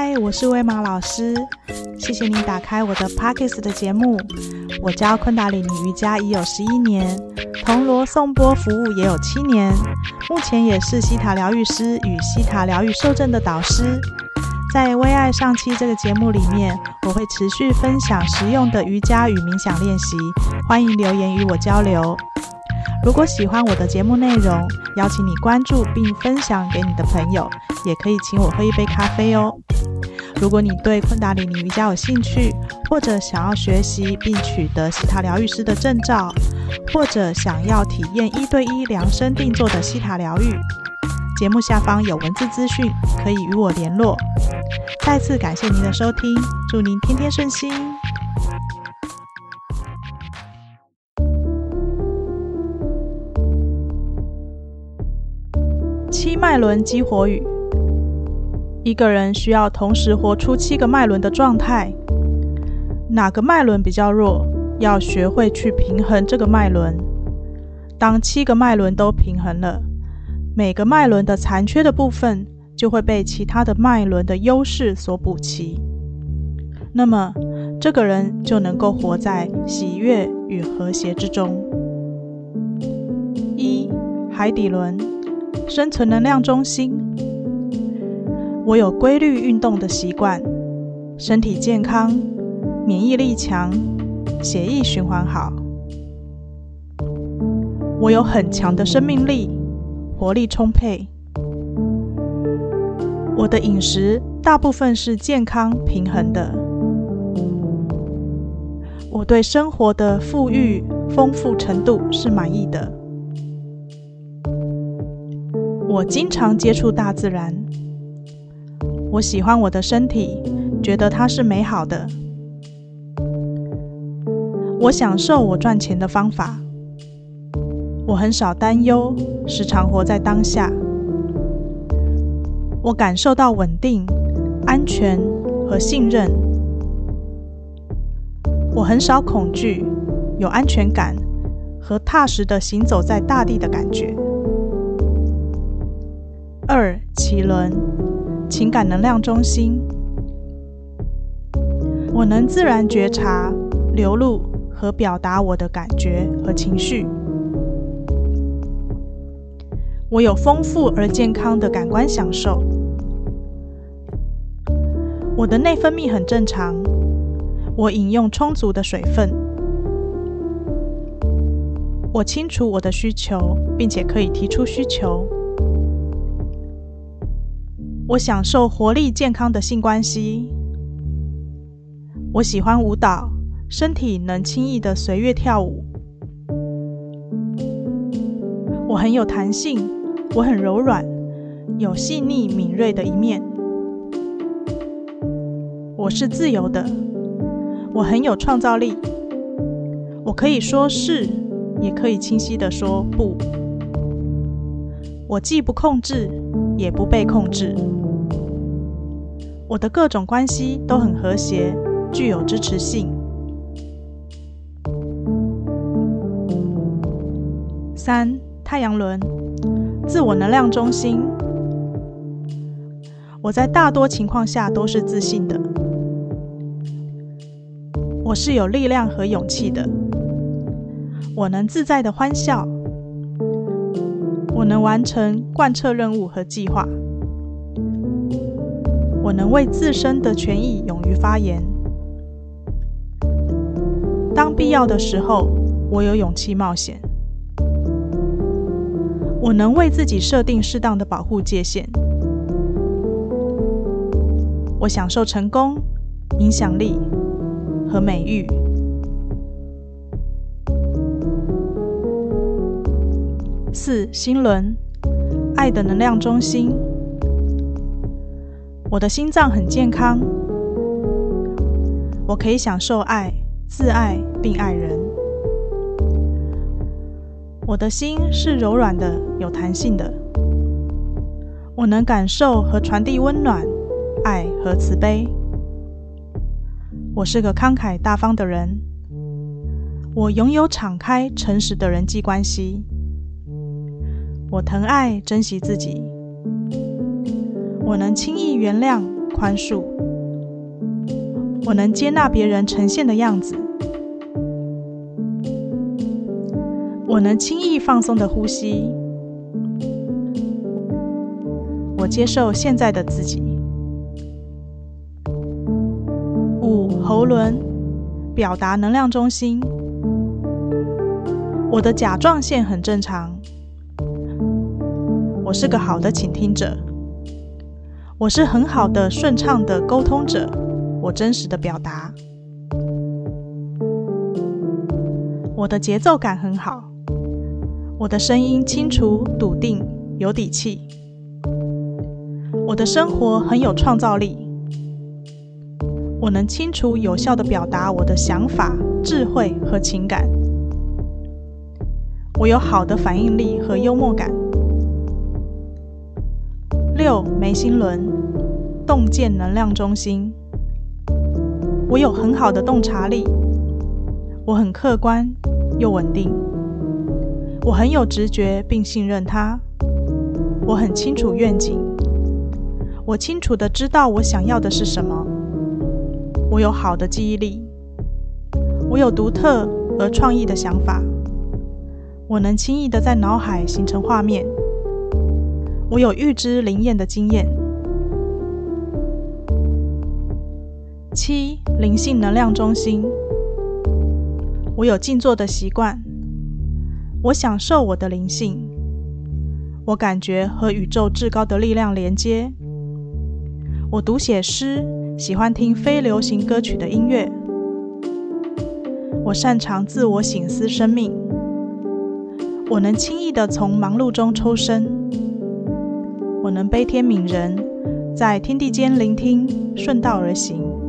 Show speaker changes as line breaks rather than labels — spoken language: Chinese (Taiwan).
嗨，我是葳瑪老師，謝謝你打開我的 podcast 的節目。我教昆達里尼瑜伽已有十一年，銅鑼頌缽服務也有七年，目前也是希塔療癒師與希塔療癒受證的導師。在葳愛上七這個節目裡面，我會持續分享實用的瑜伽與冥想練習，歡迎留言與我交流。如果喜歡我的節目內容，邀請你關注並分享給你的朋友，也可以請我喝一杯咖啡哦。如果你對昆達里尼瑜伽有興趣，或者想要學習並取得西塔療癒師的證照，或者想要體驗一對一量身定做的西塔療癒，節目下方有文字資訊，可以與我聯絡。再次感謝您的收聽，祝您天天順心。七脈輪激活語。一個人需要同時活出七個脈輪的狀態，哪個脈輪比較弱，要學會去平衡這個脈輪。當七個脈輪都平衡了，每個脈輪的殘缺的部分就會被其他的脈輪的優勢所補齊，那麼這個人就能夠活在喜悅與和諧之中。一、海底輪，生存能量中心。我有規律運動的習慣，身體健康，免疫力強，血液循環好。我有很強的生命力，活力充沛。我的飲食大部分是健康平衡的。我對生活的富裕豐富程度是滿意的。我經常接觸大自然。我喜歡我的身體，覺得它是美好的。我享受我賺錢的方法。我很少擔憂，時常活在當下。我感受到穩定、安全和信任。我很少恐懼，有安全感和踏實地行走在大地的感覺。二、臍輪。情感能量中心，我能自然覺察、流露和表達我的感覺和情緒。我有豐富而健康的感官享受。我的內分泌很正常。我飲用充足的水分。我清楚我的需求，並且可以提出需求。我享受活力健康的性關係。我喜歡舞蹈，身體能輕易的隨樂跳舞。我很有彈性，我很柔軟，有細膩敏銳的一面。我是自由的，我很有創造力。我可以說是，也可以清晰的說不。我既不控制，也不被控制。我的各種關係都很和諧，具有支持性。三、太陽輪，自我能量中心。我在大多情況下都是自信的。我是有力量和勇氣的。我能自在的歡笑。我能完成貫徹任務和計劃。我能為自身的權益勇於發言。當必要的時候，我有勇氣冒險。我能為自己設定適當的保護界限。我享受成功、影響力和美譽。四、心輪，愛的能量中心。我的心臟很健康，我可以享受愛、自愛並愛人。我的心是柔軟的、有彈性的，我能感受和傳遞溫暖、愛和慈悲。我是個慷慨大方的人，我擁有敞開、誠實的人際關係。我疼愛、珍惜自己。我能輕易原諒、寬恕，我能接納別人呈現的樣子，我能輕易放鬆的呼吸，我接受現在的自己。五、喉輪，表達能量中心，我的甲狀腺很正常，我是個好的傾聽者。我是很好的、順暢的溝通者，我真實的表達，我的節奏感很好，我的聲音清楚、篤定、有底氣，我的生活很有創造力，我能清楚、有效的表達我的想法、智慧和情感，我有好的反應力和幽默感。六、眉心輪，洞見能量中心。我有很好的洞察力，我很客觀又穩定，我很有直覺並信任它，我很清楚願景，我清楚的知道我想要的是什麼，我有好的記憶力，我有獨特而創意的想法，我能輕易的在腦海形成畫面。我有預知靈驗的經驗。七，靈性能量中心。我有靜坐的習慣。我享受我的靈性。我感覺和宇宙至高的力量連接。我讀寫詩，喜歡聽非流行歌曲的音樂。我擅長自我省思生命。我能輕易的從忙碌中抽身。我能悲天憫人，在天地間聆聽，順道而行。